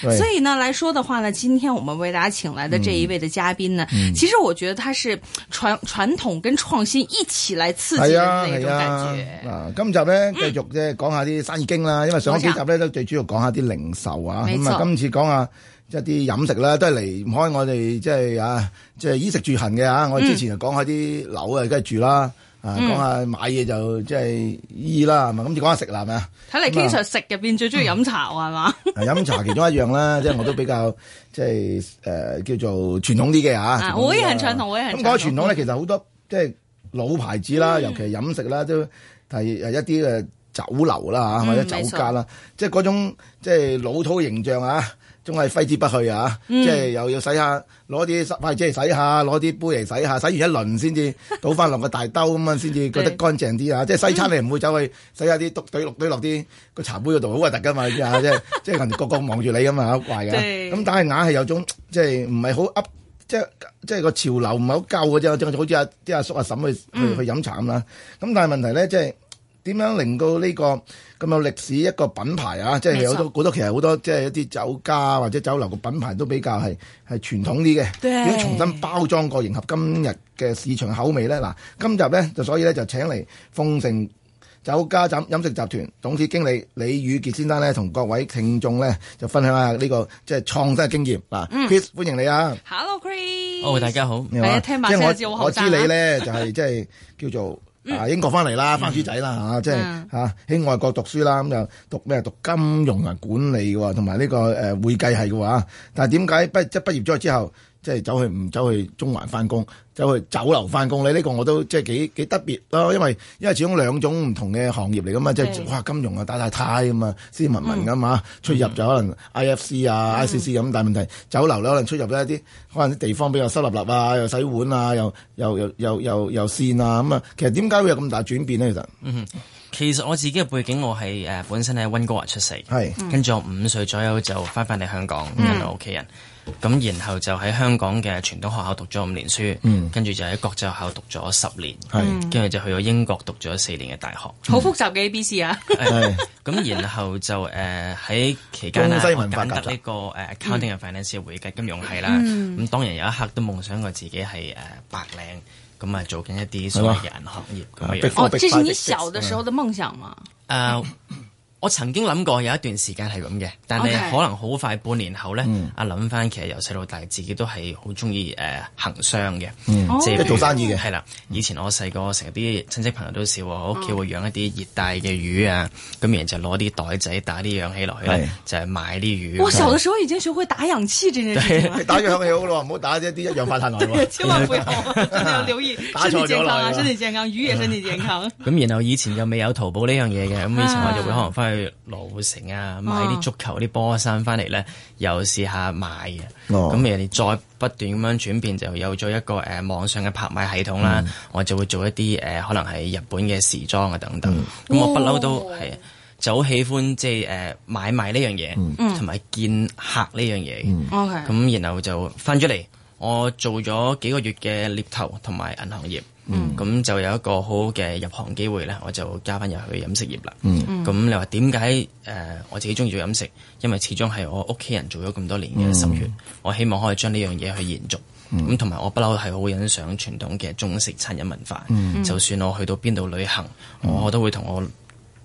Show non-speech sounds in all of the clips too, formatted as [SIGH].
所以呢，來說的話呢，今天我們為大家請來的這一位的嘉賓呢，嗯、其實我覺得他是傳傳統跟創新一起來刺激你嘅一種感覺。啊，啊，啊，今集呢，繼續即係講下啲生意經啦，嗯、因為上一幾集呢想都最主要講下啲零售啊，咁啊錯、嗯、今次講下、即係、一啲飲食啦，都係離唔開我哋即係啊，即、就、係、是、衣食住行嘅啊，嗯、我之前就講下啲樓啊，梗係住啦。啊，講下買嘢就即係衣啦，咁就講下食啦，係咪？睇嚟經常食入邊最中意飲茶喎，係嘛？飲茶其中一樣啦，即係我都比較即係誒叫做傳統啲嘅嚇。我嘅行場同我嘅行場咁講傳統咧，其實好多即係老牌子啦，尤其係飲食啦，都係係一啲嘅酒樓啦嚇或者酒家啦，即係嗰種即係老土形象啊。總係揮之不去啊！即係又要洗下，攞啲洗即係洗下，攞啲杯嚟洗下，洗完一輪先至倒翻落個大兜咁樣，先至覺得乾淨啲啊！即係西餐你唔會走去洗下啲篤堆綠堆落啲個茶杯嗰度，好核突㗎嘛！即係即係人哋個個望住你咁啊，怪嘅。咁但係硬係有種即係唔係好噏，即係即係個潮流唔係好夠嘅啫。即好似阿啲阿叔阿嬸去去去飲茶咁啦。咁但係問題咧，即係點樣令到呢個？咁有歷史一個品牌啊，即係有好多好多，錯其實好多即係一啲酒家或者酒樓個品牌都比較係係傳統啲嘅，要對重新包裝過，迎合今日嘅市場口味咧。嗱，今集咧就所以咧就請嚟鳳城酒家飲食集團董事經理李宇傑先生咧，同各位聽眾咧就分享下呢、呢個即係創新嘅經驗嗱。嗯、Chris，歡迎你啊！Hello，Chris。哦 Hello, Chris，oh, 大家好。誒，聽晚先。我知你咧就係即係叫做。啊！英國翻嚟啦，嗯、翻書仔啦嚇，即係嚇喺外國讀書啦，咁就讀咩？讀金融同管理嘅喎，同埋呢個誒、呃、會計係嘅話，但係點解畢即畢業咗之後？即係走去唔走去中環翻工，走去酒樓翻工咧，呢、這個我都即係幾幾特別咯。因為因為始終兩種唔同嘅行業嚟噶嘛，Okay. 即係哇金融啊打吓呔咁啊，斯文文噶、啊、嘛，嗯、出入就可能 I F C 啊、嗯、I C C 咁大問題。酒樓可能出入咧一啲可能啲地方比較濕立立啊，又洗碗啊，又又又又又又，又線啊咁啊。其實點解會有咁大轉變咧？其實、嗯、其實我自己嘅背景，我係誒本身喺溫哥華出世，係是、嗯、跟住我五歲左右就翻翻嚟香港，屋企人。嗯嗯咁然後就喺香港嘅傳統學校讀咗五年書，跟住就喺國際學校讀咗十年，跟住就去咗英國讀咗四年嘅大學。好複雜嘅 ABC 啊！咁然後就誒喺期間啦，揀得呢個誒 accounting and finance 嘅會計金融係啦。咁、嗯、當然有一刻都夢想過自己係誒白領，咁啊做緊一啲所謂嘅銀行業。哦，即係你小嘅時候嘅夢想嘛、嗯？啊！啊我曾經諗過有一段時間係咁嘅，但係可能好快半年後咧，阿諗翻其實由細到大自己都係好中意誒行商嘅，即係做生意嘅。係啦，以前我細個成日啲親戚朋友都笑我屋企會養一啲熱帶嘅魚啊，咁然後就攞啲袋仔打啲氧氣落去，就係買啲魚。我小嘅時候已經學會打氧氣呢件事情，打氧氣好咯，唔好打一啲一氧化碳來咯，千萬不要，要留意。打錯咗啊，身體健康，魚嘅身體健康。咁然後以前又未有淘寶呢樣嘢嘅，咁以前我就會可能翻去羅湖城啊，買啲足球啲波衫翻嚟咧，又試下買嘅。咁、oh. 人哋再不斷咁樣轉變，就有咗一個誒網上嘅拍賣系統啦。Mm. 我就會做一啲誒，可能係日本嘅時裝啊等等。咁、mm. 我不嬲都係，oh. 就好喜歡即係誒買賣呢樣嘢，同埋、mm. 見客呢樣嘢。咁、mm. 然後就翻咗嚟，我做咗幾個月嘅獵頭同埋銀行業。嗯，咁就有一個好好嘅入行機會咧，我就加翻入去飲食業啦。嗯，咁你話點解誒我自己中意做飲食？因為始終係我屋企人做咗咁多年嘅心血，我希望可以將呢樣嘢去延續。咁同埋我不嬲係好欣賞傳統嘅中式餐飲文化。嗯，就算我去到邊度旅行，我都會同我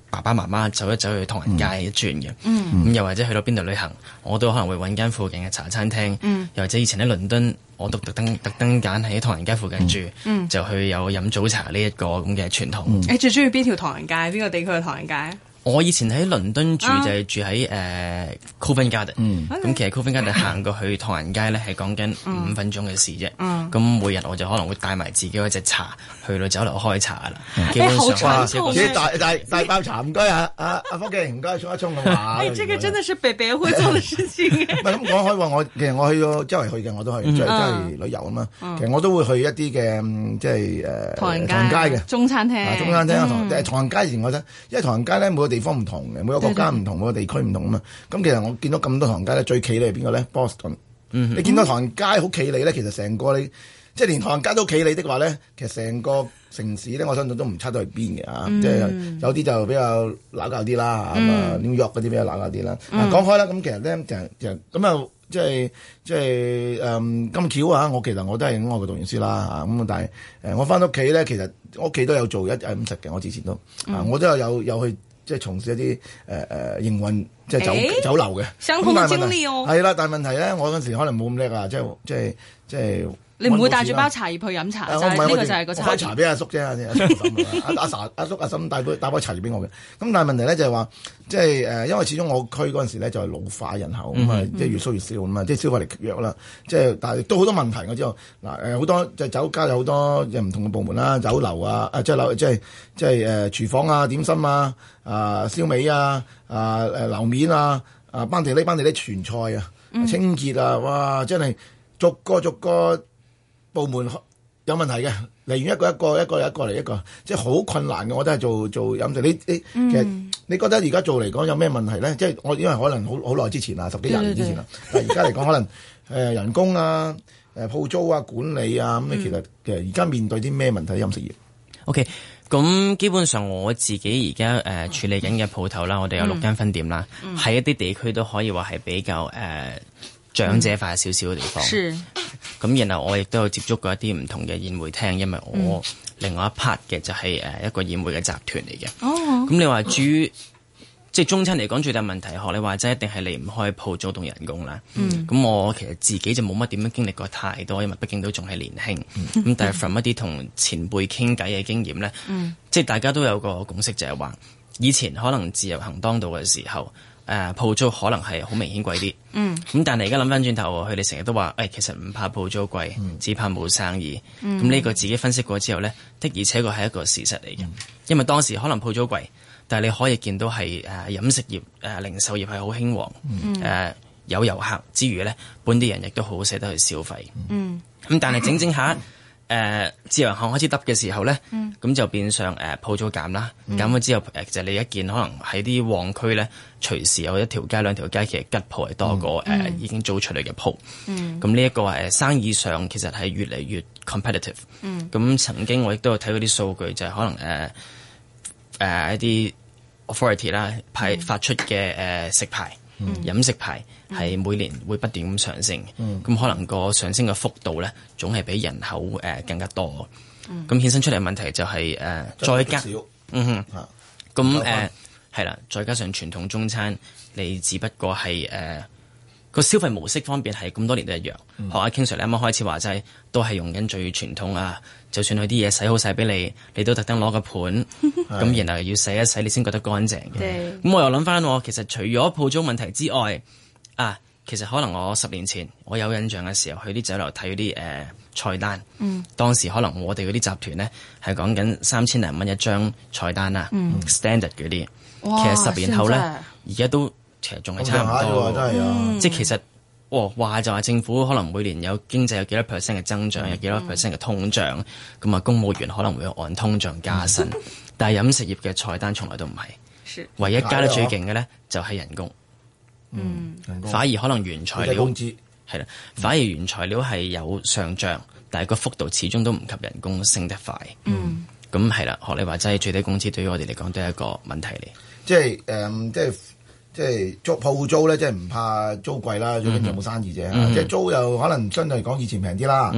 爸爸媽媽走一走去唐人街一轉嘅。咁又或者去到邊度旅行，我都可能會揾間附近嘅茶餐廳。嗯，又或者以前喺倫敦。我都特登特登揀喺唐人街附近住，嗯、就去有飲早茶呢一個咁嘅傳統。你、嗯欸、最中意邊條唐人街？邊個地區嘅唐人街？我以前喺倫敦住就係住喺誒 Covent Garden 咁，其實 Covent Garden 行過去唐人街咧，係講緊五分鐘嘅事啫。咁每日我就可能會帶埋自己嗰隻茶去到酒樓開茶啦。基本上少少大大包茶唔該啊，阿啊福記唔該沖一沖嘅話。誒，呢個真係白白會做嘅事情。咁講開話，我其實我去咗周圍去嘅我都去，即係旅遊啊嘛。其實我都會去一啲嘅即係誒唐人街嘅中餐廳，中餐廳唐唐人街而家咧，因為唐人街咧每地方唔同嘅，每個國家唔同，對對對每個地區唔同啊嘛。咁、啊、其實我見到咁多唐人街咧，最企理係邊個咧？Boston、嗯哼。你見到唐人街好企理咧，其實成個你即係連唐人街都企理的話咧，其實成個城市咧，我相信都唔差到去邊嘅啊。嗯、即係有啲就比較鬧交啲啦，咁啊，New York 嗰啲比較鬧交啲啦。講開啦，咁其實咧，就是、就咁、是、啊，即係即係誒，咁巧啊，我其實我都係外國讀完書啦啊。咁但係誒、呃，我翻到屋企咧，其實屋企都有做一係咁食嘅。我之前都、啊、我都有有去。啊即係從事一啲誒誒營運，即係酒酒樓嘅，好難、欸。係啦，但係、哦、問題咧，我嗰陣時可能冇咁叻啊，即係即係即係。你唔會帶住包茶葉去飲茶，就係呢個就係個茶。帶杯茶俾阿叔啫， [LAUGHS] 阿阿阿叔阿嬸帶杯帶包茶葉俾我嘅。咁但係問題咧就係話，即係誒，因為始終我區嗰陣時咧就係老化人口，咁啊、嗯哼，即係越縮越少，咁、就、啊、是，即係消費力弱啦。即係但係都好多問題，我知道嗱誒，好多就酒、是、家有好多唔同嘅部門啦，酒樓啊啊，即係樓即係即係誒廚房啊、點心啊、啊燒味啊、啊誒、啊、樓面啊、啊班地呢，班地喱傳菜啊、清潔啊，哇！真、就、係、是、逐個逐個。部門有問題嘅，嚟完一個一個一個一個嚟一個，即係好困難嘅。我都係做做飲食，你你、嗯、其實你覺得而家做嚟講有咩問題咧？即係我因為可能好好耐之前啦，十幾廿年之前啦，但係而家嚟講可能誒、呃、人工啊、誒、呃、鋪租啊、管理啊咁，嗯、其實嘅而家面對啲咩問題飲食業？OK，咁基本上我自己而家誒處理緊嘅鋪頭啦，嗯、我哋有六間分店啦，喺、嗯嗯、一啲地區都可以話係比較誒。呃長者化少少嘅地方，咁是然後我亦都有接觸過一啲唔同嘅宴會廳，因為我另外一 part 嘅就係誒一個宴會嘅集團嚟嘅。咁、哦哦、你話主、哦、即係中餐嚟講最大問題，學你話齋一定係離唔開鋪租同人工啦。咁、嗯、我其實自己就冇乜點樣經歷過太多，因為畢竟都仲係年輕。咁、嗯、但係 from 一啲同前輩傾偈嘅經驗咧，嗯嗯、即係大家都有個共識就係、是、話，以前可能自由行當道嘅時候。誒鋪租可能係好明顯貴啲，咁但係而家諗翻轉頭，佢哋成日都話，誒其實唔怕鋪租貴，只怕冇生意。咁呢個自己分析過之後呢，的而且確係一個事實嚟嘅，因為當時可能鋪租貴，但係你可以見到係誒飲食業、誒零售業係好興旺，誒有遊客之餘呢，本地人亦都好捨得去消費。咁但係整整下。誒自由行開始揼嘅時候咧，咁、嗯、就變相誒鋪、啊、租減啦。嗯、減咗之後誒，就你一見可能喺啲旺區咧，隨時有一條街兩條街其實吉鋪係多過誒、嗯啊、已經租出嚟嘅鋪。咁呢一個誒、啊、生意上其實係越嚟越 competitive、嗯。咁曾經我亦都有睇過啲數據，就係、是、可能誒誒、啊啊啊、一啲 authority 啦派發出嘅誒、啊嗯、食牌。嗯、飲食牌係每年會不斷咁上升，咁、嗯、可能個上升嘅幅度咧，總係比人口誒、呃、更加多。咁衍生出嚟問題，就係、是、誒，呃、再加，嗯哼，咁誒係啦，再加上傳統中餐，你只不過係誒個消費模式方面係咁多年都一樣。學阿 King Sir 你啱啱開始話齋，都係用緊最傳統啊。就算佢啲嘢洗好晒俾你，你都特登攞個盤，咁 [LAUGHS] 然後要洗一洗，你先覺得乾淨嘅。咁的我又諗翻我，其實除咗鋪租問題之外，啊，其實可能我十年前我有印象嘅時候，去啲酒樓睇嗰啲誒菜單，嗯、當時可能我哋嗰啲集團咧係講緊三千零蚊一張菜單啊 standard 嗰啲，嗯、其實十年後咧而家都其實仲係差唔多，嗯嗯、即係其實。話就話政府可能每年有經濟有幾多 percent 嘅增長，有幾多 percent 嘅通脹，咁啊公務員可能會按通脹加薪，但係飲食業嘅菜單從來都唔係，唯一加得最勁嘅呢就係人工，嗯，反而可能原材料係啦，反而原材料係有上漲，但係個幅度始終都唔及人工升得快，嗯，咁係啦，學你話齋最低工資對於我哋嚟講都係一個問題嚟，即係誒，即係。即係租鋪租咧，即係唔怕租貴啦。最緊要有冇生意啫。即係租又可能相對嚟講以前平啲啦。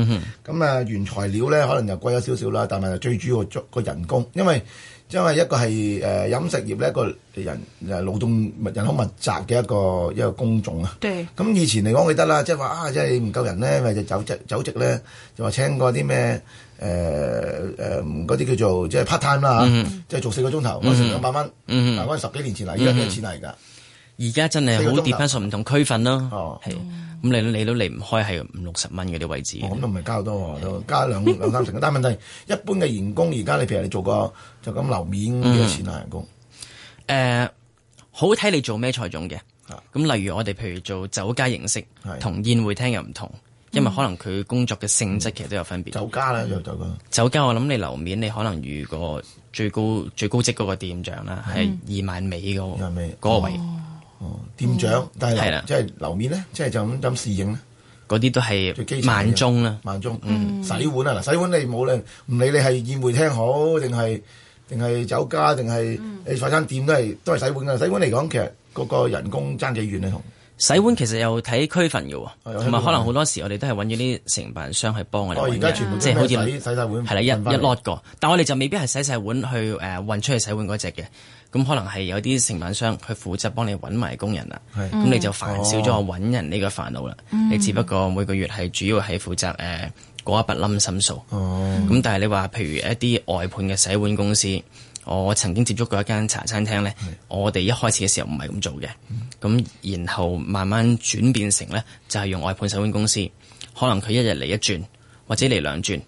咁啊原材料咧可能又貴咗少少啦。但係最主要係個人工，因為因為一個係誒飲食業咧，一個人誒勞動人口密集嘅一個一個工種啊。咁以前嚟講，記得啦，即係話啊，即係唔夠人咧，咪就走職走職咧，就話請嗰啲咩誒誒嗰啲叫做即係 part time 啦，即係做四個鐘頭攞成兩百蚊。嗰十幾年前啊，依家幾多錢啊而家？而家真係好 depend 唔同區份咯，係咁你都離唔開係五六十蚊嗰啲位置，咁點都唔係交多，都加兩兩三成。但係問題一般嘅員工而家你譬如你做個就咁樓面幾多錢啊？人工誒，好睇你做咩菜種嘅。咁例如我哋譬如做酒家形式，同宴會廳又唔同，因為可能佢工作嘅性質其實都有分別。酒家啦，酒家我諗你樓面，你可能如果最高最高職嗰個店長啦，係二萬尾嘅個位。哦，店長，但係的即係樓面咧，即係就咁咁侍應咧，嗰啲都係萬鐘啦、啊，萬鐘、啊，嗯，洗碗啊，嗱，洗碗你冇理，唔理你係宴會廳好定係定係酒家，定係你快餐店都係都係洗碗噶，洗碗嚟講，其實嗰個人工爭幾遠啊同。洗碗其實又睇區分嘅喎，同埋、嗯、可能好多時我哋都係揾咗啲承辦商去幫我哋，哦、即係好似洗、洗碗，係啦的，一一 load 個。但我哋就未必係洗曬碗去誒、呃、運出去洗碗嗰隻嘅，咁可能係有啲承辦商去負責幫你揾埋工人啦。咁是、嗯、你就煩少咗揾人呢個煩惱啦。嗯、你只不過每個月係主要係負責誒嗰、呃、一筆冧心數。咁、嗯嗯、但係你話譬如一啲外判嘅洗碗公司。.我曾經接觸過一間茶餐廳，呢我哋一開始嘅時候唔係咁做嘅，咁然後慢慢轉變成呢，就係用外判手管公司。可能佢一日嚟一轉或者嚟兩轉，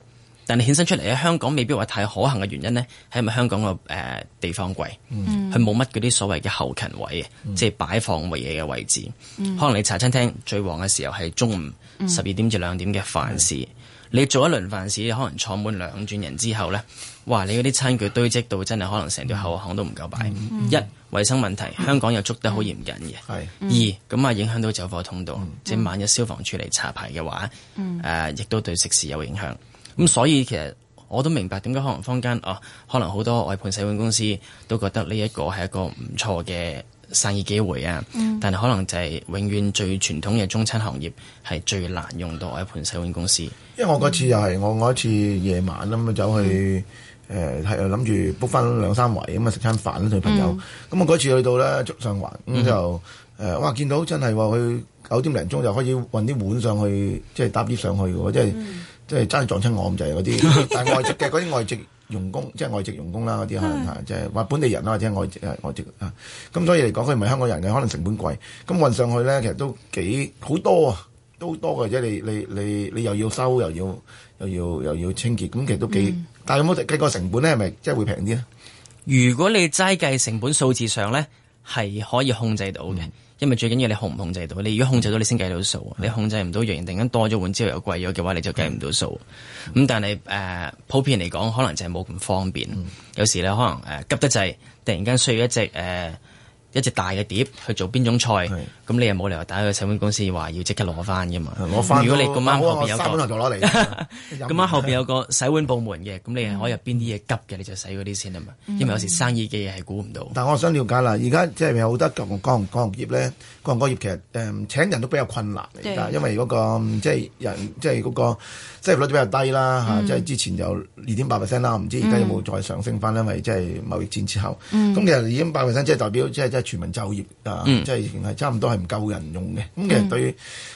但係衍生出嚟喺香港未必話太可行嘅原因呢，係因為香港個誒地方貴，佢冇乜嗰啲所謂嘅後勤位，即係擺放乜嘢嘅位置。可能你茶餐廳最旺嘅時候係中午十二點至兩點嘅飯市。你做一輪飯市，可能坐滿兩轉人之後呢，哇！你嗰啲餐具堆積到真係可能成條後巷都唔夠擺。嗯、一衛生問題，香港又捉得好嚴謹嘅。嗯、二咁啊，影響到走火通道，即係、嗯、萬一消防處嚟查牌嘅話、嗯呃，亦都對食肆有影響。咁、嗯、所以其實我都明白點解可能坊間啊，可能好多外判洗碗公司都覺得呢一個係一個唔錯嘅生意機會啊，但係可能就係永遠最傳統嘅中餐行業係最難用到外判洗碗公司。因為我嗰次又係我我一次夜晚咁啊走去誒啊，諗住 book 翻兩三圍咁啊食餐飯同朋友。咁我嗰次去到咧竹上環咁就誒、呃、哇見到真係話佢九點零鐘就可以運啲碗上去，即係搭啲上去嘅喎、嗯，即係即係真係撞親我咁滯嗰啲， [LAUGHS] 但係外籍嘅嗰啲外籍。用工即係外籍用工啦，嗰啲可能吓，即係話本地人啦，或者係外籍啊，外籍啊。咁所以嚟講，佢唔係香港人嘅，可能成本貴。咁運上去咧，其實都幾好多啊，都多嘅。即係你你你你又要收，又要又要又要清潔，咁其實都幾。但係有冇計過成本咧？係咪即係會平啲？如果你齋計成本數字上咧，係可以控制到嘅。因為最緊要你控唔控制到，你如果控制到你先計到數，嗯、你控制唔到，若然突然間多咗碗之後又貴咗嘅話，你就計唔到數。咁、嗯嗯、但係誒、呃、普遍嚟講，可能就係冇咁方便。嗯、有時咧可能誒、呃、急得滯，突然間需要一隻誒、呃一隻大嘅碟去做邊種菜，咁你又冇理由打去洗碗公司話要即刻攞翻嘅嘛？攞翻。如果你咁啱後邊有急，咁啱後邊有個洗碗部門嘅，咁你可以入邊啲嘢急嘅你就洗嗰啲先啊嘛。因為有時生意嘅嘢係估唔到。但我想了解啦，而家即係好多行行行業咧，行業其實誒請人都比較困難嚟㗎，因為嗰個即係人即係嗰個失業率比較低啦，即係之前有二點八 percent 啦，唔知而家有冇再上升翻？因為即係貿易戰之後，咁其實二點八 percent 即係代表即係。全民就業啊，即係仍係差唔多係唔夠人用嘅。咁、嗯、其實對於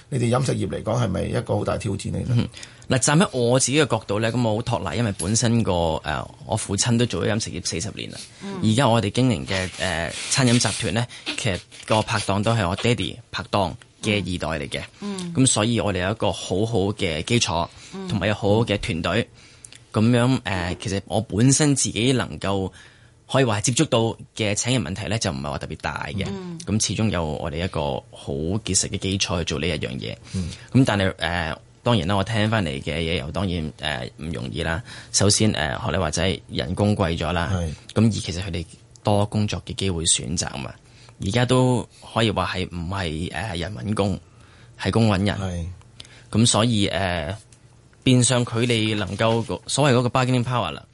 你哋飲食業嚟講，係咪一個好大挑戰嚟？嗱、嗯，站喺我自己嘅角度咧，咁我好托賴，因為本身個誒、呃、我父親都做咗飲食業四十年啦。而家、嗯、我哋經營嘅誒、呃、餐飲集團咧，其實個拍檔都係我爹哋拍檔嘅二代嚟嘅。咁、嗯、所以，我哋有一個好好嘅基礎，同埋、嗯、有好好嘅團隊。咁樣誒、呃，其實我本身自己能夠。可以話係接觸到嘅請人問題咧，就唔係話特別大嘅。咁、嗯、始終有我哋一個好結實嘅基礎去做呢一樣嘢。咁、嗯、但係誒、呃，當然啦，我聽翻嚟嘅嘢又當然誒唔、呃、容易啦。首先誒、呃，學你話齋人工貴咗啦。咁是而其實佢哋多工作嘅機會選擇嘛。而家都可以話係唔係誒人揾工，係工揾人。咁是、嗯、所以誒、呃，變相佢哋能夠所謂嗰個 bargaining power 啦。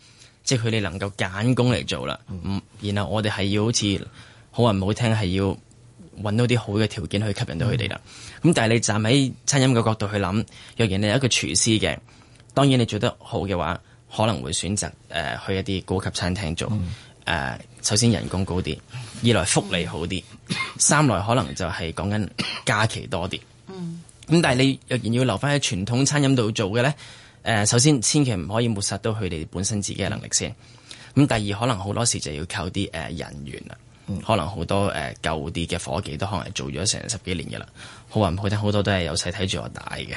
即係佢哋能夠揀工嚟做啦，嗯，然後我哋係要好似好話唔好聽係要揾到啲好嘅條件去吸引到佢哋啦。咁、嗯、但係你站喺餐飲嘅角度去諗，若然你係一個廚師嘅，當然你做得好嘅話，可能會選擇誒、呃、去一啲高級餐廳做，誒、嗯呃、首先人工高啲，二來福利好啲，三來可能就係講緊假期多啲。嗯，咁但係你若然要留翻喺傳統餐飲度做嘅咧？誒，首先千祈唔可以抹殺到佢哋本身自己嘅能力先。咁第二，可能好多時就要靠啲誒人員啦。嗯、可能好多誒舊啲嘅伙計都可能做咗成十幾年嘅啦。好話唔好聽好多都係有細睇住我大嘅。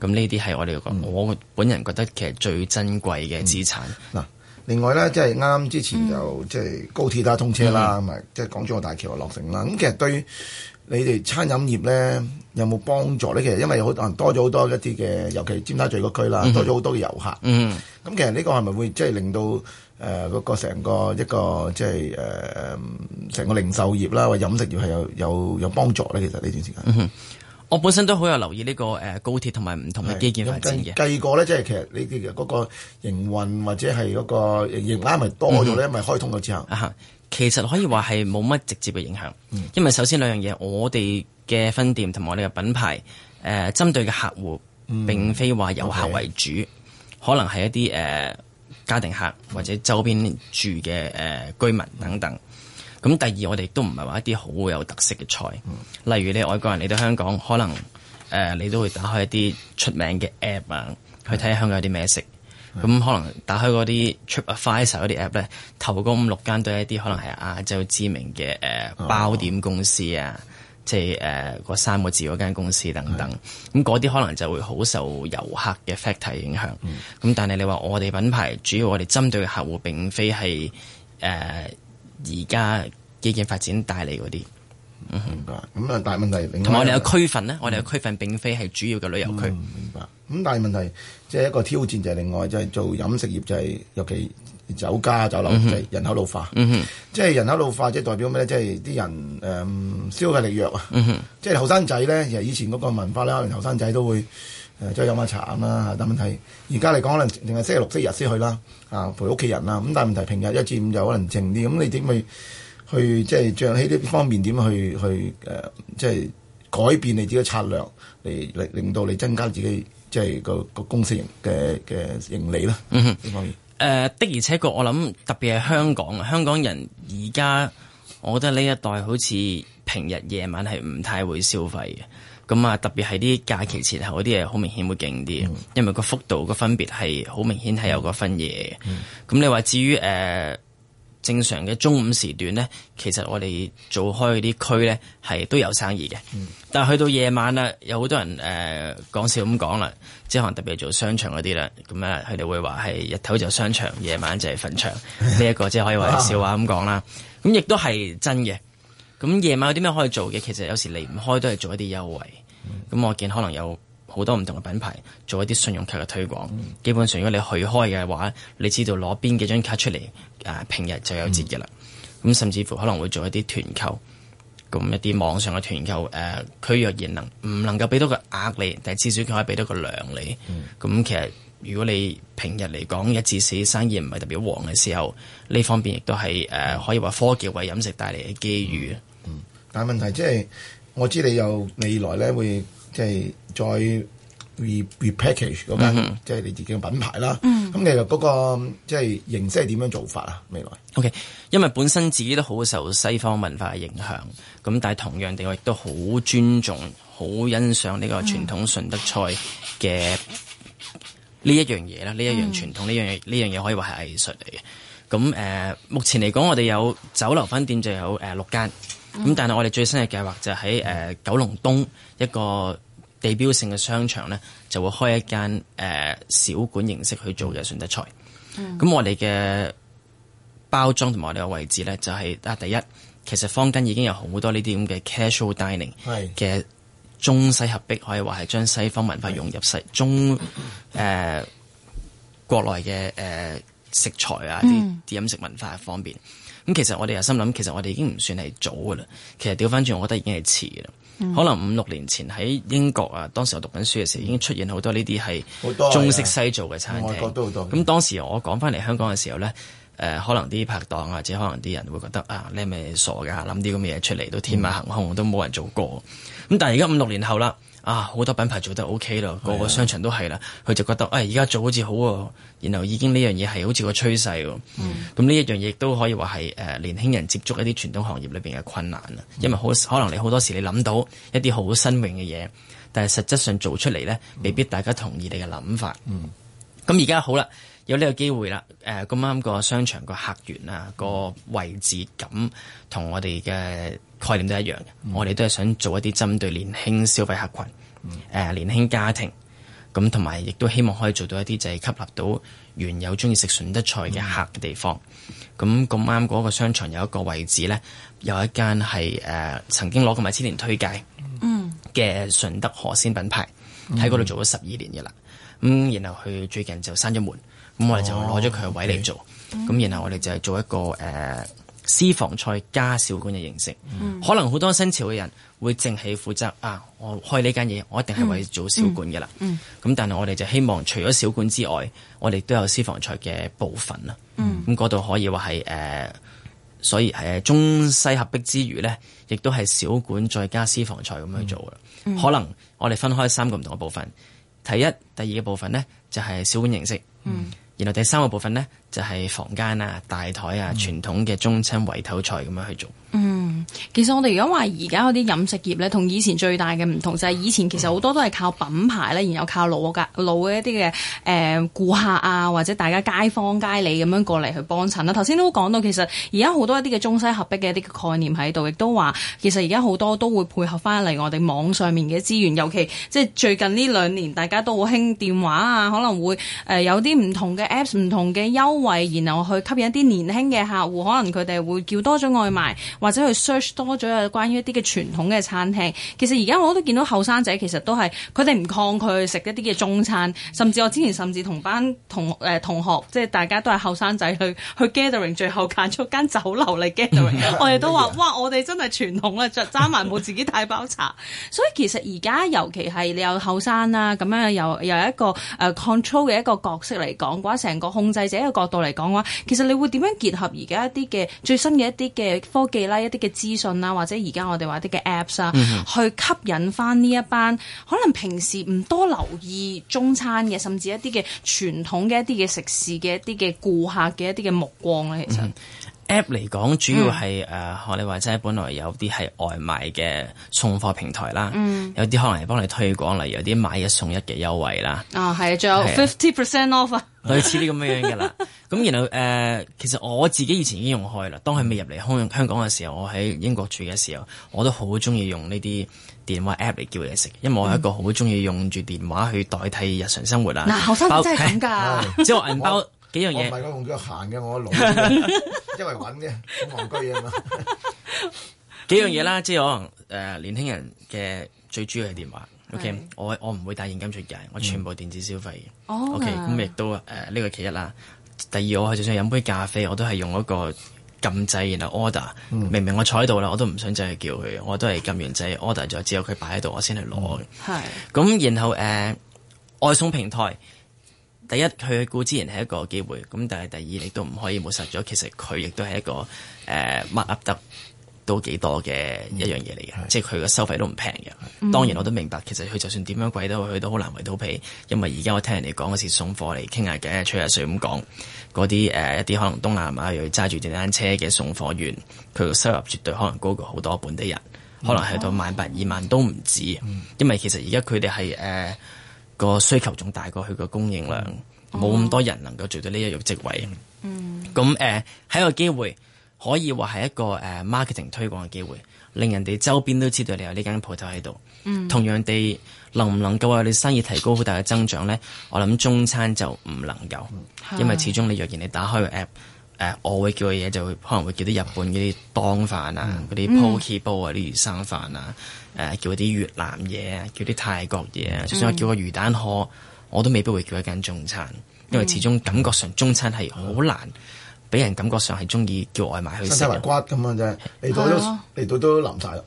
咁呢啲係我哋、嗯、我本人覺得其實最珍貴嘅資產。嗱、嗯，另外咧，即係啱之前就即係、嗯、高鐵啦、通車啦，同埋即係港珠澳大橋落成啦。咁其實對於你哋餐飲業咧有冇幫助咧？其實因為有好多人多咗好多一啲嘅，尤其尖沙咀個區啦，多咗好多嘅遊客。咁、嗯嗯、其實呢個係咪會即係令到誒嗰個成個一個即係誒成個零售業啦，或飲食業係有有有幫助咧？其實呢段時間，我本身都好有留意呢個誒高鐵同埋唔同嘅基建發展咧，即係、嗯、其實呢啲嘅嗰個營運或者係嗰個營業咪多咗咧，咪開通咗之後。嗯嗯啊嗯其實可以話係冇乜直接嘅影響，嗯、因為首先兩樣嘢，我哋嘅分店同埋我哋嘅品牌，誒、呃、針對嘅客戶並非話遊客為主，嗯 okay。可能係一啲誒、呃、家庭客或者周邊住嘅誒、呃、居民等等。咁第二，我哋都唔係話一啲好有特色嘅菜，嗯、例如你外國人嚟到香港，可能誒、呃、你都會打開一啲出名嘅 app 啊，去睇下香港有啲咩食。咁、嗯、可能打開嗰啲 TripAdvisor 嗰啲 app 咧，頭嗰五六間都係一啲可能係亞洲知名嘅誒、呃哦、包點公司啊，即係誒嗰三個字嗰間公司等等。咁嗰啲可能就會好受遊客嘅 factor 影響。咁、嗯、但係你話我哋品牌主要我哋針對嘅客戶並非係誒而家基建發展帶嚟嗰啲。明白。咁啊，大問題。同埋我哋嘅區分呢？我哋嘅區分並非係主要嘅旅遊區。明白。咁但係問題。即係一個挑戰就係另外，就係、是、做飲食業就係、是，尤其酒家、酒樓，mm hmm. 就係人口老化。即係、mm hmm. 人口老化，即、就、係、是、代表咩咧？即係啲人誒、嗯、消費力弱啊。即係後生仔咧，其、hmm. 實以前嗰個文化咧，可能後生仔都會誒再飲下茶咁啦。但問題而家嚟講，可能淨係星期六、星期日先去啦。啊，陪屋企人啦。咁但係問題平日一至五就可能靜啲。咁你點去去即係將呢啲方面點去去誒？即、就、係、是、改變你自己嘅策略嚟令令到你增加自己。即係個個公司嘅嘅盈利啦，呢方面。誒的而且確，我諗特別係香港，香港人而家，我覺得呢一代好似平日夜晚係唔太會消費嘅。咁啊，特別係啲假期前後嗰啲嘢，好明顯會勁啲，嗯、因為個幅度個分別係好明顯係有個分野嘅。咁你話至於誒？呃正常嘅中午時段咧，其實我哋做開嗰啲區咧，係都有生意嘅。嗯、但係去到夜晚啦，有好多人誒、呃、講笑咁講啦，即係可能特別係做商場嗰啲啦，咁啊佢哋會話係日頭就商場，夜晚就係墳場，呢一 [LAUGHS] 個即係可以話笑話咁講啦。咁亦都係真嘅。咁夜晚有啲咩可以做嘅？其實有時離唔開都係做一啲優惠。咁、嗯、我見可能有。好多唔同嘅品牌做一啲信用卡嘅推廣，嗯、基本上如果你去開嘅話，你知道攞邊幾張卡出嚟，誒、啊、平日就有折嘅啦。咁、嗯、甚至乎可能會做一啲團購，咁一啲網上嘅團購，誒、啊，區若然能唔能夠俾到個額利，但至少佢可以俾到個量利。咁、嗯、其實如果你平日嚟講一至四生意唔係特別旺嘅時候，呢方面亦都係誒可以話科技為飲食帶嚟嘅機遇、嗯、但係問題即、就、係、是、我知你由未來咧會。即係再 repackage 嗰間，即係、mm hmm. 你自己嘅品牌啦。咁其實嗰個即係、就是、形式係點樣做法啊？未來 OK，因為本身自己都好受西方文化嘅影響，咁但係同樣地，我亦都好尊重、好欣賞呢個傳統順德菜嘅呢一樣嘢啦。呢、mm hmm. 一樣傳統，呢樣呢樣嘢可以話係藝術嚟嘅。咁誒、呃，目前嚟講，我哋有酒樓分店就有誒、呃、六間，咁、mm hmm. 但係我哋最新嘅計劃就喺誒九龍東，東一個。地標性嘅商場呢，就會開一間誒、呃、小館形式去做嘅順德菜。咁、嗯、我哋嘅包裝同埋我哋嘅位置呢，就係、是、啊第一，其實坊間已經有好多呢啲咁嘅 casual dining 嘅是中西合璧，可以話係將西方文化融入西是中誒、呃、國內嘅誒食材啊啲飲食文化方面。咁、嗯、其實我哋又心諗，其實我哋已經唔算係早噶啦。其實調翻轉，我覺得已經係遲噶啦。嗯、可能五六年前喺英國啊，當時我讀緊書嘅時候已經出現好多呢啲係中式西做嘅餐廳，咁、啊、當時我講翻嚟香港嘅時候咧，誒、呃、可能啲拍檔啊，或者可能啲人會覺得啊，你係咪傻噶？諗啲咁嘅嘢出嚟都天馬行空，嗯、都冇人做過。咁但係而家五六年後啦。啊，好多品牌做得 OK 咯，個個商場都係啦，佢的就覺得，唉、哎，而家做好似好喎，啊，然後已經呢樣嘢係好似個趨勢喎。咁呢一樣嘢都可以話係誒年輕人接觸一啲傳統行業裏邊嘅困難啦，因為好、嗯、可能你好多時你諗到一啲好新穎嘅嘢，但係實質上做出嚟呢，未必，必大家同意你嘅諗法。咁而家好啦。有呢個機會啦，誒咁啱個商場個客源啊，個位置咁，同我哋嘅概念都一樣嘅。嗯、我哋都係想做一啲針對年輕消費客群，誒、嗯呃、年輕家庭咁，同、嗯、埋亦都希望可以做到一啲就係吸納到原有中意食順德菜嘅客嘅地方。咁咁啱嗰個商場有一個位置咧，有一間係誒、呃、曾經攞過米芝蓮推介嘅順德河鮮品牌喺嗰度做咗十二年嘅啦。咁、嗯嗯嗯、然後佢最近就閂咗門。咁我哋就攞咗佢嘅位嚟做，咁 Okay. 然後我哋就係做一個誒、uh, 私房菜加小館嘅形式。Mm. 可能好多新潮嘅人會淨係負責啊，我開呢間嘢，我一定係為做小館嘅啦。咁、mm. mm. 但係我哋就希望除咗小館之外，我哋都有私房菜嘅部分啦。咁嗰度可以話係誒，uh, 所以誒中西合璧之餘呢，亦都係小館再加私房菜咁去做啦。Mm. Mm. 可能我哋分開三個唔同嘅部分，第一、第二嘅部分呢，就係、是、小館形式。Mm. 然後第三個部分咧。You know, 就係房間啊、大台啊、傳統嘅中餐圍頭菜咁樣去做。嗯，其實我哋而家話而家嗰啲飲食業咧，同以前最大嘅唔同就係以前其實好多都係靠品牌咧，然後靠老嘅老嘅一啲嘅誒顧客啊，或者大家街坊街里咁樣過嚟去幫襯啦。頭先都講到，其實而家好多一啲嘅中西合璧嘅一啲概念喺度，亦都話其實而家好多都會配合翻嚟我哋網上面嘅資源，尤其即係最近呢兩年大家都好興電話啊，可能會誒有啲唔同嘅 Apps、唔同嘅優。然後去吸引一啲年輕嘅客戶，可能佢哋會叫多咗外賣，或者去 search 多咗有關於一啲嘅傳統嘅餐廳。其實而家我都見到後生仔其實都係佢哋唔抗拒去食一啲嘅中餐，甚至我之前甚至同班同誒、呃、同學，即係大家都係後生仔去去 gathering，最後揀咗間酒樓嚟 gathering。 [LAUGHS] 我哋都話：「哇！我哋真係傳統啊，就揸埋帽自己帶包茶。」所以其實而家尤其係你有後生啦，咁樣又又一個誒 control 嘅一個角色嚟講嘅話，成個控制者嘅角到嚟講嘅話，其實你會點樣結合而家一啲嘅最新嘅一啲嘅科技啦，一啲嘅資訊啦、啊，或者而家我哋話啲嘅 Apps 啊，嗯、哼去吸引翻呢一班可能平時唔多留意中餐嘅，甚至一啲嘅傳統嘅一啲嘅食肆嘅一啲嘅顧客嘅一啲嘅目光咧、啊，其實。嗯 app 嚟講主要係誒，我、呃、你話齋本來有啲係外賣嘅送貨平台啦、嗯，有啲可能係幫你推廣，例如有啲買一送一嘅優惠啦。啊、哦，係，仲有 fifty percent off 啊，的類似呢咁樣樣嘅啦。咁然後誒，其實我自己以前已經用開啦。當佢未入嚟香香港嘅時候，我喺英國住嘅時候，我都好中意用呢啲電話 app 嚟叫嘢食，因為我係一個好中意用住電話去代替日常生活啦。嗱、嗯，後、啊、生真係咁噶，即係銀包。哎 [LAUGHS] [LAUGHS] 幾樣嘢，唔係我用腳行嘅，我路。因為穩嘅，好戇居啊嘛。 [LAUGHS] 幾樣嘢啦，即係我誒、呃，年輕人嘅最主要係電話。是 OK，我我唔會帶現金出街，我全部電子消費。嗯、okay? 哦，OK，咁亦都誒，呢、呃這個其一啦。第二，我係就算飲杯咖啡，我都係用一個撳掣然後 order、嗯。明明我坐喺度啦，我都唔想就係叫佢，我都係撳完掣 order 咗，之後佢擺喺度，我先去攞。係、嗯。咁是然後誒，外、呃、送平台。第一，佢固之然係一個機會，咁但係第二，你都唔可以抹殺咗。其實佢亦都係一個誒，握、呃、得都幾多嘅一樣嘢嚟嘅。嗯、即係佢個收費都唔平嘅。嗯、當然，我都明白其實佢就算點樣貴都，佢都好難圍到皮，因為而家我聽人哋講嗰時送貨嚟傾下偈、吹下水咁講。嗰啲誒一啲可能東南亞又揸住電單車嘅送貨員，佢收入絕對可能高過好多本地人，可能去到萬八二萬都唔止。因為其實而家佢哋係誒。呃呃個需求仲大過佢個供應量，冇咁、oh. 多人能夠做到呢一樣職位。咁誒、mm.，喺、uh, 個機會可以話係一個誒、uh, marketing 推廣嘅機會，令人哋周邊都知道你有呢間鋪頭喺度。Mm. 同樣地，能唔能夠話你生意提高好大嘅增長呢？我諗中餐就唔能夠，因為始終你若然你打開個 app。誒，uh, 我會叫嘅嘢就可能會叫啲日本嗰啲當飯啊，嗰啲 poke bowl 啊，啲魚生飯啊，誒叫啲越南嘢，啊、叫啲泰國嘢，啊、嗯。就算我叫個魚蛋殼，我都未必會叫一間中餐，因為始終感覺上中餐係好難俾、嗯、人感覺上係中意叫外賣去食，好似生埋骨咁啊！啫嚟到都嚟到都淋晒啦，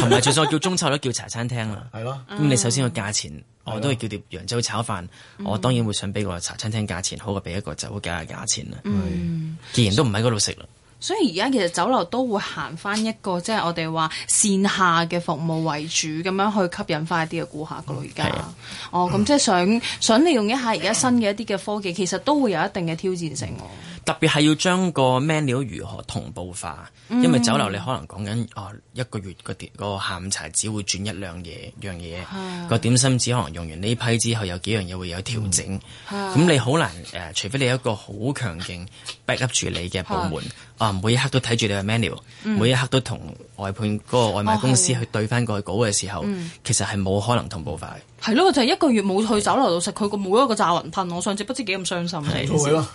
同埋就算我叫中餐我都叫茶餐廳啦，係咯。咁你首先個價錢。我都係叫碟揚州炒飯，嗯、我當然會想俾個茶餐廳價錢好，好過俾一個酒家嘅價錢啦。嗯、既然都唔喺嗰度食啦，所以而家其實酒樓都會行翻一個即係、就是、我哋話線下嘅服務為主，咁樣去吸引翻一啲嘅顧客噶咯而家。的哦，咁即係想、嗯、想利用一下而家新嘅一啲嘅科技，其實都會有一定嘅挑戰性。特別係要將個 menu 如何同步化，因為酒樓你可能講緊哦，一個月個點下午茶只會轉一兩嘢樣嘢，個的點心只可能用完呢批之後有幾樣嘢會有調整，咁的你好難誒、呃，除非你有一個好強勁 back up 住你嘅部門，的啊每一刻都睇住你嘅 menu，的每一刻都同外判嗰、那個外賣公司去對翻個稿嘅時候，嗯、其實係冇可能同步化。係咯，就係一個月冇去酒樓度食，佢個冇一個炸雲吞，我上次不知幾咁傷心嘅。冇咯，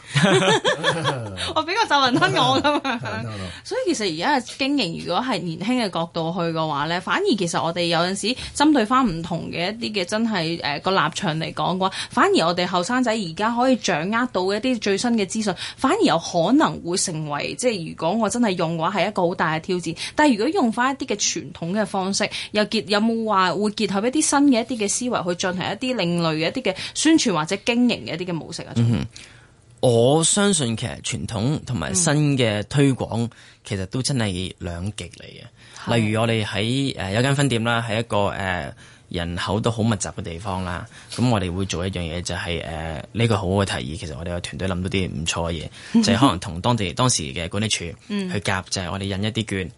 我畀個炸雲吞我㗎嘛。啊啊啊啊啊、所以其實而家經營如果係年輕嘅角度去嘅話咧，反而其實我哋有陣時針對翻唔同嘅一啲嘅真係誒個立場嚟講嘅話，反而我哋後生仔而家可以掌握到一啲最新嘅資訊，反而有可能會成為即係如果我真係用嘅話係一個好大嘅挑戰。但係如果用翻一啲嘅傳統嘅方式，又結有冇話會結合一啲新嘅一啲嘅思。去進行一啲另類嘅一啲嘅宣傳或者經營嘅一啲嘅模式啊，mm hmm。我相信其實傳統同埋新嘅推廣其實都真係兩極嚟嘅。的例如我哋喺誒有間分店啦，係一個誒、呃、人口都好密集嘅地方啦。咁我哋會做一樣嘢，就係誒呢個好嘅提議。其實我哋個團隊諗到啲唔錯嘅嘢，就係、是、可能同當地 [LAUGHS] 當時嘅管理處去夾，就係、是、我哋引一啲券，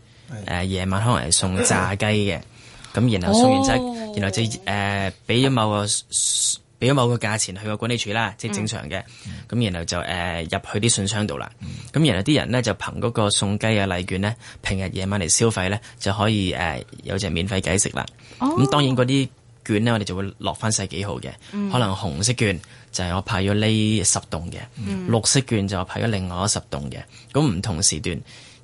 誒夜的、呃、晚可能係送炸雞嘅。咁然後送完劑，然後即係誒俾咗某個，俾咗某個價錢去個管理處啦，即係正常嘅。咁然後就誒入去啲信箱度啦。咁然後啲人咧就憑嗰個送雞嘅禮券咧，平日夜晚嚟消費咧就可以誒有隻免費解食啦。咁當然嗰啲券咧，我哋就會落翻晒幾號嘅，可能紅色券就係我派咗呢十棟嘅，綠色券就派咗另外十棟嘅。咁唔同時段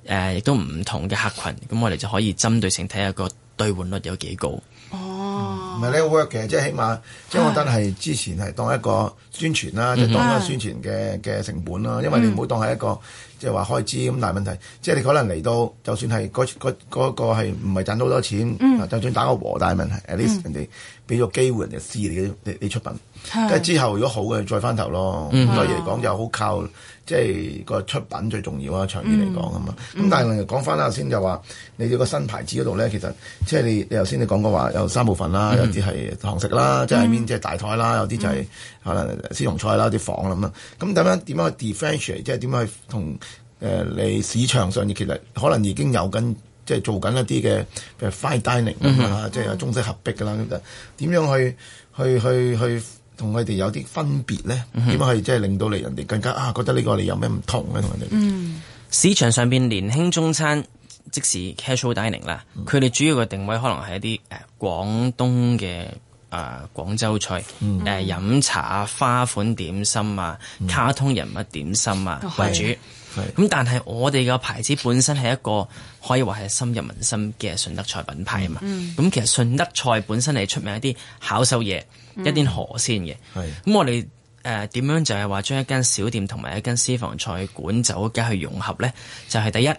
誒，亦都唔同嘅客群，咁我哋就可以針對性睇下個。兌換率有幾高？哦，唔係咧，好 work 嘅，即係起碼，是即係我覺得係之前係當一個宣傳啦，即係是當一個宣傳嘅嘅成本啦。因為你唔好當係一個是即係話開支咁大問題，即係你可能嚟到，就算係嗰嗰個係唔係賺到好多錢，嗯、就算打個和大係問題，at least 人哋、嗯。俾咗機會人哋試你啲你出品，跟住是之後如果好嘅再翻頭咯。內地嚟講就好靠，即、就、係、是、個出品最重要啊！長遠嚟講咁啊。咁、嗯嗯嗯、但係講翻啦先就話，你個新牌子嗰度咧，其實即係、就是、你你頭先你講過話有三部分啦，嗯、有啲係堂食啦，即係面即係大啦、就是嗯、菜啦，有啲就係可能私房菜啦啲房咁啊。咁點樣點樣 differentiate 即係點去同誒你市場上嘅其實可能已經有緊。即係做緊一啲嘅譬如 fine dining 啊，即係中西合璧噶啦，咁就點樣去去去去同佢哋有啲分別咧？點樣去即係令到你人哋更加啊覺得呢個理由有咩唔同咧？同人哋市場上邊年輕中餐，即是 casual dining 啦。佢哋主要嘅定位可能係一啲誒廣東嘅啊廣州菜，誒飲茶啊、花款點心啊、卡通人物點心啊為主。咁但係我哋嘅牌子本身係一個可以話係深入民心嘅順德菜品牌啊嘛，咁、嗯、其實順德菜本身係出名一啲巧手嘢，嗯、一啲河鮮嘅，咁、嗯、我哋誒點樣就係話將一間小店同埋一間私房菜館就一齊去融合呢？就係、是、第一，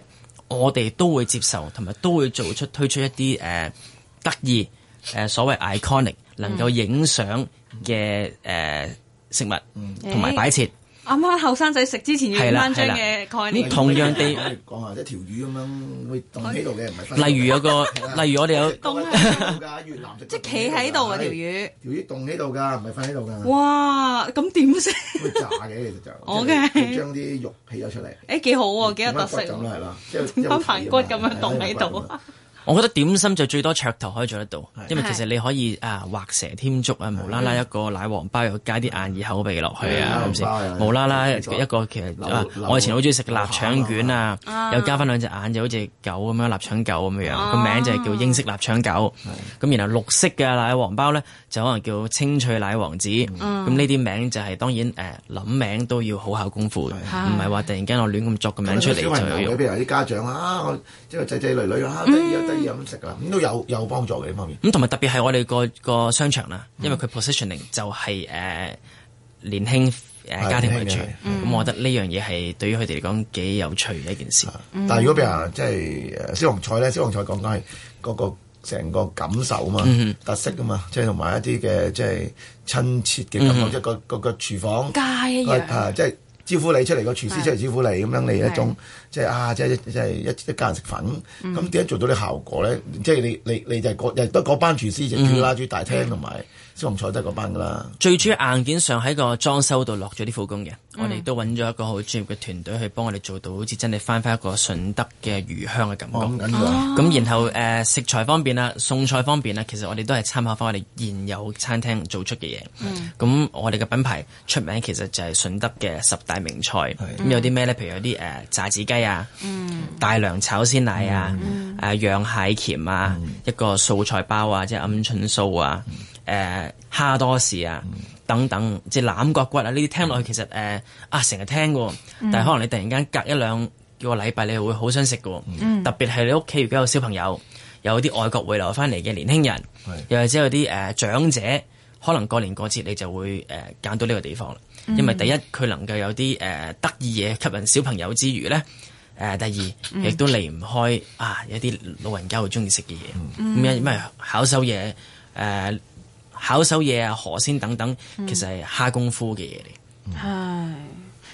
我哋都會接受同埋都會做出推出一啲誒、呃、得意誒、呃、所謂 iconic 能夠影相嘅誒食物同埋擺設。阿媽後生仔食之前要翻張嘅概念。同樣地講下一條魚咁樣會棟喺度嘅，唔係例如有個， [LAUGHS] 例如我哋有。棟喺度㗎， [LAUGHS] 越南即係企喺度嗰條魚。條魚棟喺度㗎，唔係瞓喺度㗎。哇！咁點食？會炸嘅其實就我嘅，將啲 [LAUGHS] Okay. 肉起咗出嚟。誒幾、欸、好喎，幾有特色。整翻排骨咁、啊、樣棟喺度。 [LAUGHS] 我覺得點心就最多噱頭可以做得到，因為其實你可以啊，畫蛇添足啊，無啦啦一個奶黃包又加啲眼耳口鼻落去啊，咁無啦啦一個其實我以前好中意食臘腸卷啊，又加翻兩隻眼就好似狗咁樣臘腸狗咁樣樣，個名就係叫英式臘腸狗，咁然後綠色嘅奶黃包咧就可能叫青翠奶王子，咁呢啲名就係當然誒諗名都要好下功夫，唔係話突然間我亂咁作個名出嚟就。有啲家長啊，即係仔仔女女低飲食啊，咁都有有幫助嘅呢方面。咁同埋特別係我哋個個商場啦，因為佢 positioning 就係誒年輕誒家庭為主，咁我覺得呢樣嘢係對於佢哋嚟講幾有趣嘅一件事。但係如果俾人即係私房菜咧，私房菜講緊係嗰個成個感受啊嘛，特色啊嘛，即係同埋一啲嘅即係親切嘅感覺，即係個個個廚房街一啊，即係。招呼你出嚟個廚師出嚟招呼你咁是樣，你一種即係是、就是、啊，即係即係一一家人食粉，咁點樣做到啲效果咧？即、就、係、是、你你你就係個都班廚師，嗯、就主要拉住大廳同埋。嗯都唔錯得嗰班噶啦。最主要硬件上喺個裝修度落咗啲苦工嘅，嗯、我哋都揾咗一個好專業嘅團隊去幫我哋做到好似真係翻返一個順德嘅魚香嘅感覺。哦，咁、嗯、然後誒、呃、食材方面啊，餸菜方面啊，其實我哋都係參考翻我哋現有餐廳做出嘅嘢。嗯。咁我哋嘅品牌出名其實就係順德嘅十大名菜。係、嗯。咁有啲咩呢？譬如有啲誒、呃、炸子雞啊，嗯、大良炒鮮奶啊，誒、呃、釀蟹鉗啊，嗯、一個素菜包啊，即係鵪鶉素啊。誒蝦多士啊，等等，即係欖角骨啊！呢啲聽落去其實誒啊，成日聽嘅喎，但係可能你突然間隔一兩幾個禮拜，你會好想食嘅喎。特別係你屋企如果有小朋友，有啲外國回流翻嚟嘅年輕人，又或者有啲誒長者，可能過年過節你就會誒揀到呢個地方啦。因為第一佢能夠有啲誒得意嘢吸引小朋友之餘咧，誒第二亦都離唔開啊有啲老人家會中意食嘅嘢，咁樣咩巧手嘢誒？巧手嘢啊，河鮮等等，其實，係下功夫嘅嘢嚟。嗯寫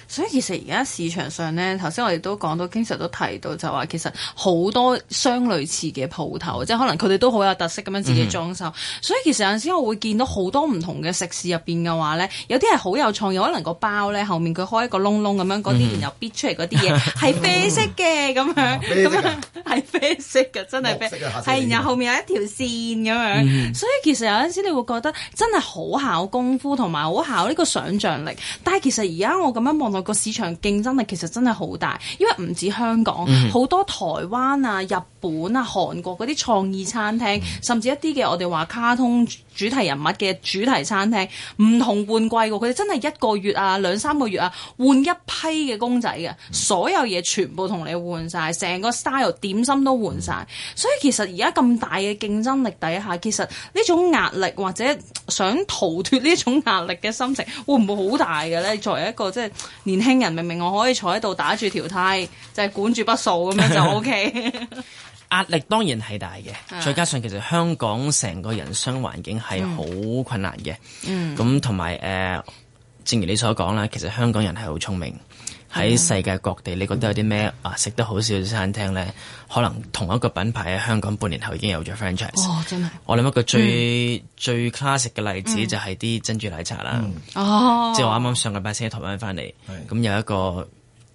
所以其實而家市場上咧，頭先我哋都講到，經常都提到就話其實好多相類似嘅鋪頭，即係可能佢哋都好有特色咁樣自己裝修。嗯、哼所以其實有陣時我會見到好多唔同嘅食肆入邊嘅話咧，有啲係好有創意，可能個包咧後面佢開一個窿窿咁樣啲然後咇出嚟，啲嘢係啡色嘅咁樣咁樣係啡色嘅，真係啡色，係然後後面有一條線咁樣，嗯、哼所以其實有陣時你會覺得真係好考功夫同埋好考呢個想象力。但係其實而家我咁樣望個市場競爭力其實真係好大，因為唔止香港，好、嗯、多台灣啊、日本啊，韓國嗰啲創意餐廳，甚至一啲嘅我哋話卡通主題人物嘅主題餐廳，唔同換季喎，佢哋真係一個月啊，兩三個月啊，換一批嘅公仔嘅，所有嘢全部同你換晒，成個 style 點心都換晒。所以其實而家咁大嘅競爭力底下，其實呢種壓力或者想逃脫呢種壓力嘅心情，會唔會好大嘅呢？作為一個即係、就是、年輕人，明明我可以坐喺度打住條呔，就係、是、管住不掃咁樣就 O、OK、K。 [LAUGHS] 壓力當然係大嘅，的再加上其實香港成個人生環境係好困難嘅。咁同埋誒，正如你所講啦，其實香港人係好聰明。喺的世界各地，你覺得有啲咩、嗯、啊食得好少嘅餐廳呢？可能同一個品牌喺香港半年後已經有咗 franchise。哦，真係。我諗一個最、嗯、最 classic 嘅例子就係啲珍珠奶茶啦、嗯。哦。哦即係我啱啱上個禮拜先喺台灣翻嚟，咁有一個。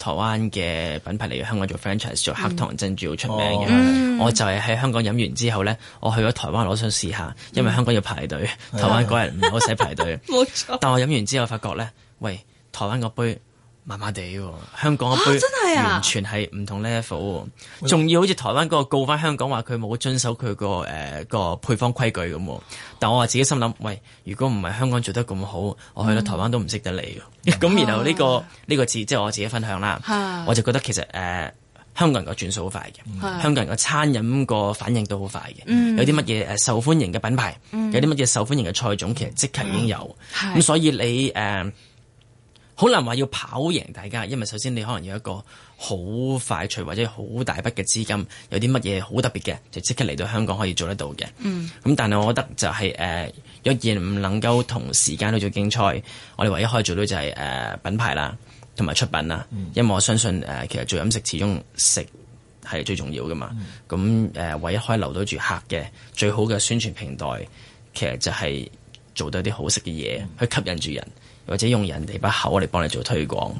台灣嘅品牌嚟，嘅，香港做 franchise 做黑糖珍珠好、嗯、出名嘅，嗯、我就係喺香港飲完之後呢，我去咗台灣我想試下，因為香港要排隊，嗯、台灣嗰日唔好使排隊，嗯、 [LAUGHS] 錯但我飲完之後發覺呢：「喂，台灣個杯。麻麻地喎，真 [NOISE] 香港嘅配方完全係唔同 level 喎，仲要好似台灣嗰個告翻香港話佢冇遵守佢個誒個配方規矩咁。但我話自己心諗，喂，如果唔係香港做得咁好，嗯、我去到台灣都唔識得你嘅。咁、嗯、然後呢、這個呢是、這個字即係我自己分享啦。是我就覺得其實誒香港人個轉數好快嘅，香港人個是餐飲個反應都好快嘅。嗯、有啲乜嘢誒受歡迎嘅品牌，嗯、有啲乜嘢受歡迎嘅菜種，其實即刻已經有。咁、嗯、所以你誒。呃呃嗯好難話要跑贏大家，因為首先你可能要一個好快脆或者好大筆嘅資金，有啲乜嘢好特別嘅，就即刻嚟到香港可以做得到嘅。咁、嗯、但係我覺得就係、是、誒，若然唔能夠同時間去做競賽。我哋唯一可以做到就係、是、誒、呃、品牌啦，同埋出品啦。嗯、因為我相信誒、呃，其實做飲食始終食係最重要噶嘛。咁誒、嗯呃，唯一可以留到住客嘅最好嘅宣傳平台，其實就係做到啲好食嘅嘢去吸引住人，人。或者用人哋把口嚟幫你做推廣。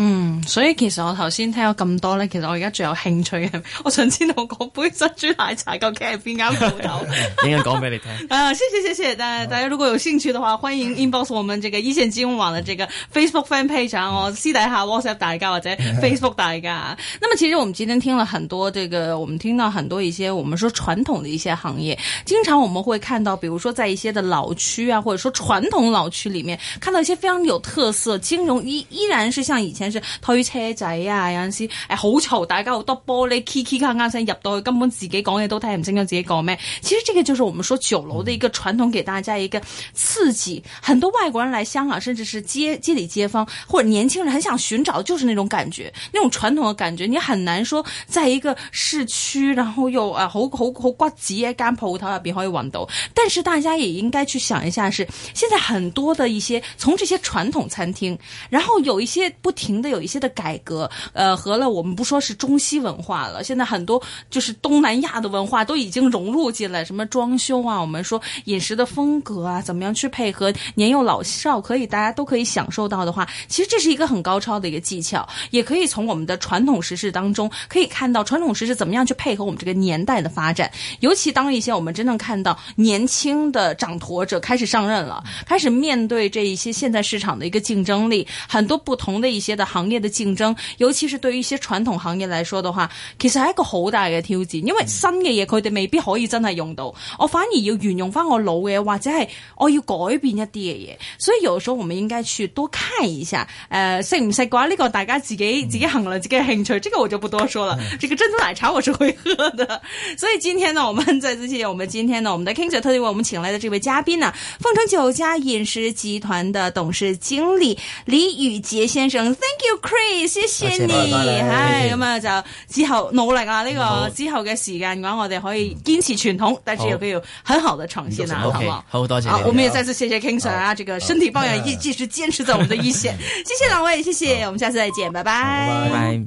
嗯，所以其實我頭先聽咗咁多咧，其實我而家最有興趣嘅，我想知道嗰杯珍珠奶茶究竟係邊間鋪頭。Amp, [LAUGHS] [LAUGHS] 應該講俾你聽。啊 [LAUGHS] 、呃，謝謝謝謝，但、呃、係大家如果有興趣嘅話，歡迎 inbox 我們這個一線金融網的這個 Facebook fan page 哦、啊，私底下 WhatsApp 大家或者 Facebook 大家。大家 [LAUGHS] 那麼其實我們今天聽了很多，這個我們聽到很多一些，我們說傳統的一些行業，經常我們會看到，比如說在一些的老區啊，或者說傳統老區裏面，看到一些非常有特色，金融依依然是像以前。推車仔啊，有陣時好嘈，大家好多玻璃 k i k i k 聲入到去，根本自己講嘢都聽唔清楚自己講咩。其實呢個就是我們說酒樓的一個傳統，給大家一個刺激。很多外國人嚟香港，甚至是街，街裏街坊或者年輕人，很想尋找，就是那種感覺，那種傳統的感覺。你很難說在一個市區，然後又好好好骨子一間鋪頭入邊可以搵到。但是大家也應該去想一下是，是現在很多的一些從這些傳統餐廳，然後有一些不停的有一些的改革，呃，和了我們不說是中西文化了，現在很多就是東南亞的文化都已經融入進來，什麼裝修啊，我們說飲食的風格啊，怎麼樣去配合年幼老少可以大家都可以享受到的話，其實這是一個很高超的一個技巧，也可以從我們的傳統食肆當中可以看到傳統食肆怎麼樣去配合我們這個年代的發展，尤其當一些我們真正看到年輕的掌舵者開始上任了，開始面對這一些現在市場的一個競爭力，很多不同的一些。的行業的競爭，尤其是對於一些傳統行業來說的話，其實係一個好大嘅挑戰。因為新嘅嘢佢哋未必可以真係用到，嗯、我反而要沿用翻我老嘅，或者係我要改變一啲嘅嘢。所以有時候我們應該去多看一下。誒、呃，識唔識嘅話，呢個大家自己、嗯、自己衡量自己興趣。這個我就不多說了。嗯、這個珍珠奶茶我是會喝的。所以今天呢，我們再次謝我們今天呢，我們的 KING SIR 特地為我們請來的這位嘉賓啊，鳳城酒家飲食集團的董事經理李宇杰先生。Thank you，Chris，謝謝你，係咁啊！就之後努力啊，呢個之後嘅時間嘅話，我哋可以堅持傳統，但係都要很好的創新啊。好唔好？好多謝。好，我們也再次謝謝 King Sir 啊，這個身體抱恙，一直堅持在我們的一線。謝謝兩位，謝謝，我們下次再見，拜。拜。